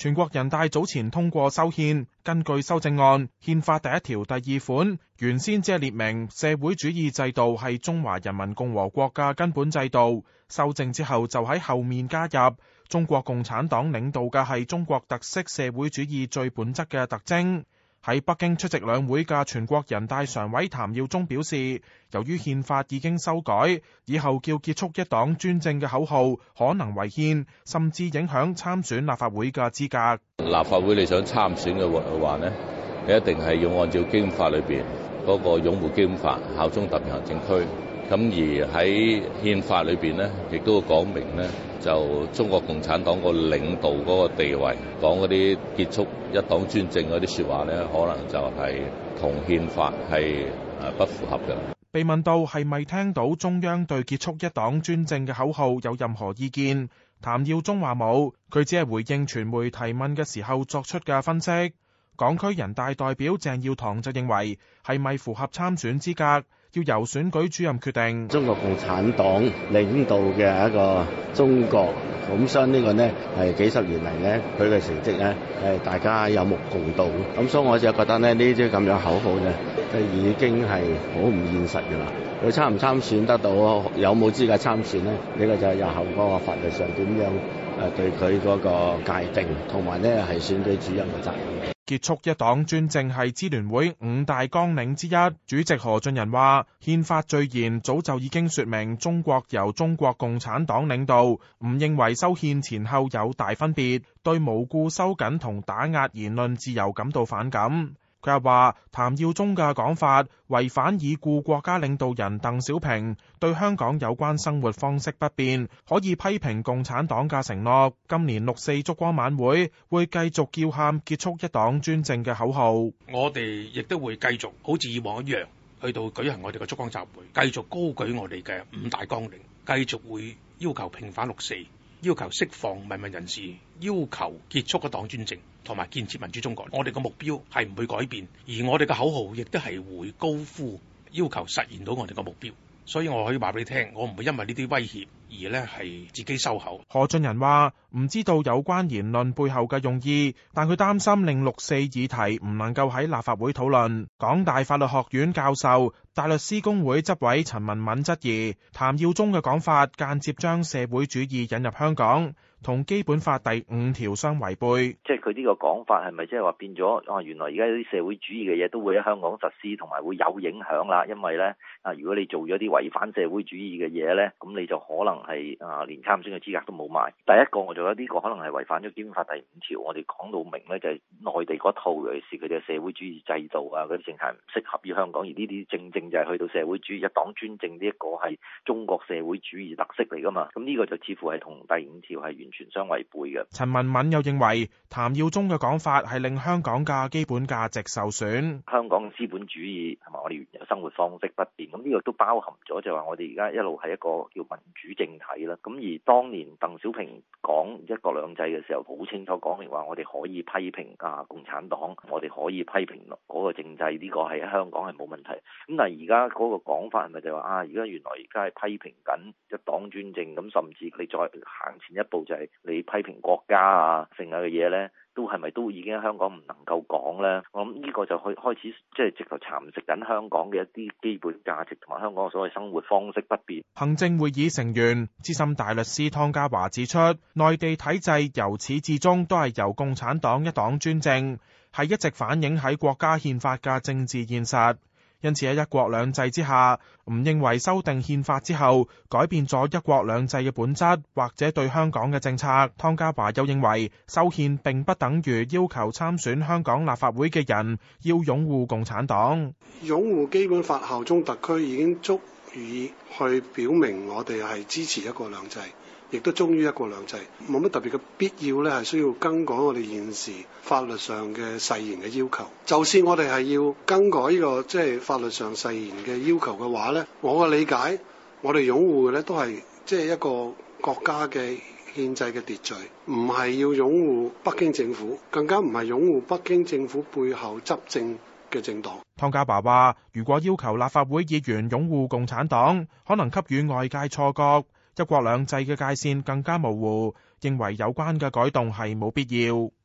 全國人大早前通過修憲，根據修正案，憲法第一條第二款原先只係列明社會主義制度係中華人民共和國嘅根本制度，修正之後就喺後面加入中國共產黨領導嘅係中國特色社會主義最本質嘅特徵。喺北京出席兩會嘅全國人大常委譚耀宗表示，由於憲法已經修改，以後叫結束一黨專政嘅口號可能違憲，甚至影響參選立法會嘅資格。立法會你想參選嘅話呢，你一定係要按照基本法裏邊嗰個擁護基本法、效忠特別行政區。咁而喺憲法裏邊呢，亦都講明呢，就中國共產黨個領導嗰個地位，講嗰啲結束一黨專政嗰啲説話呢，可能就係同憲法係誒不符合嘅。被問到係咪聽到中央對結束一黨專政嘅口號有任何意見，譚耀宗話冇，佢只係回應傳媒提問嘅時候作出嘅分析。港區人大代表鄭耀棠就認為係咪符合參選資格，要由選舉主任決定。中國共產黨領導嘅一個中國本身呢個呢，係幾十年嚟呢，佢嘅成績呢，係大家有目共睹。咁所以我就覺得呢，呢啲咁樣口號呢，就係已經係好唔現實噶啦。佢參唔參選得到，有冇資格參選呢？呢、呢個就係日後嗰個法律上點樣誒，對佢嗰個界定，同埋呢，係選舉主任嘅責任。結束一黨專政係支聯會五大綱領之一。主席何俊仁話：憲法序言早就已經説明中國由中國共產黨領導。唔認為修憲前後有大分別，對無故收緊同打壓言論自由感到反感。佢又話，譚耀宗嘅講法違反已故國家領導人鄧小平對香港有關生活方式不變可以批評共產黨嘅承諾。今年六四燭光晚會會繼續叫喊結束一黨專政嘅口號。我哋亦都會繼續，好似以往一樣，去到舉行我哋嘅燭光集會，繼續高舉我哋嘅五大綱領，繼續會要求平反六四。要求釋放民運人士，要求結束一黨專政，同埋建設民主中國。我哋個目標係唔會改變，而我哋嘅口號亦都係會高呼要求實現到我哋個目標。所以我可以話俾你聽，我唔會因為呢啲威脅。而呢，係自己收口。何俊仁話唔知道有關言論背後嘅用意，但佢擔心令六四議題唔能夠喺立法會討論。港大法律學院教授、大律師公會執委陳文敏質疑，譚耀宗嘅講法間接將社會主義引入香港，同基本法第五條相違背。即係佢呢個講法係咪即係話變咗？啊，原來而家啲社會主義嘅嘢都會喺香港實施，同埋會有影響啦。因為呢，啊，如果你做咗啲違反社會主義嘅嘢呢，咁你就可能。係啊，連參選嘅資格都冇埋。第一個我仲覺得呢個可能係違反咗基本法第五條。我哋講到明咧，就係內地嗰套，尤其是佢哋嘅社會主義制度啊，嗰啲政係唔適合於香港。而呢啲正正就係去到社會主義一黨專政，呢一個係中國社會主義特色嚟㗎嘛。咁呢個就似乎係同第五條係完全相違背嘅。陳文敏又認為，譚耀宗嘅講法係令香港嘅基本價值受損。香港資本主義同埋我哋原有生活方式不變。咁呢個都包含咗就話，我哋而家一路係一個叫民主政。睇啦，咁而當年鄧小平講一國兩制嘅時候，好清楚講明話，我哋可以批評啊共產黨，我哋可以批評嗰個政制，呢個係香港係冇問題。咁但係而家嗰個講法係咪就話啊？而家原來而家係批評緊一黨專政，咁甚至你再行前一步就係你批評國家啊，剩下嘅嘢呢，都係咪都已經喺香港唔能夠講呢？我諗呢個就開開始即係直頭蠶食緊香港嘅一啲基本價值，同埋香港嘅所謂生活方式不變。行政會議成員、資深大律師湯家驊指出，內地體制由始至終都係由共產黨一黨專政，係一直反映喺國家憲法嘅政治現實。因此喺一國兩制之下，唔認為修訂憲法之後改變咗一國兩制嘅本質或者對香港嘅政策。湯家驊又認為，修憲並不等於要求參選香港立法會嘅人要擁護共產黨，擁護基本法效忠特區已經足。以去表明我哋係支持一國兩制，亦都忠於一國兩制，冇乜特別嘅必要咧，係需要更改我哋現時法律上嘅誓言嘅要求。就算我哋係要更改呢、這個即係、就是、法律上誓言嘅要求嘅話咧，我嘅理解，我哋擁護嘅咧都係即係一個國家嘅憲制嘅秩序，唔係要擁護北京政府，更加唔係擁護北京政府背後執政嘅政黨湯家驊話，如果要求立法會議員擁護共產黨，可能給予外界錯覺。一國兩制嘅界線更加模糊，認為有關嘅改動係冇必要。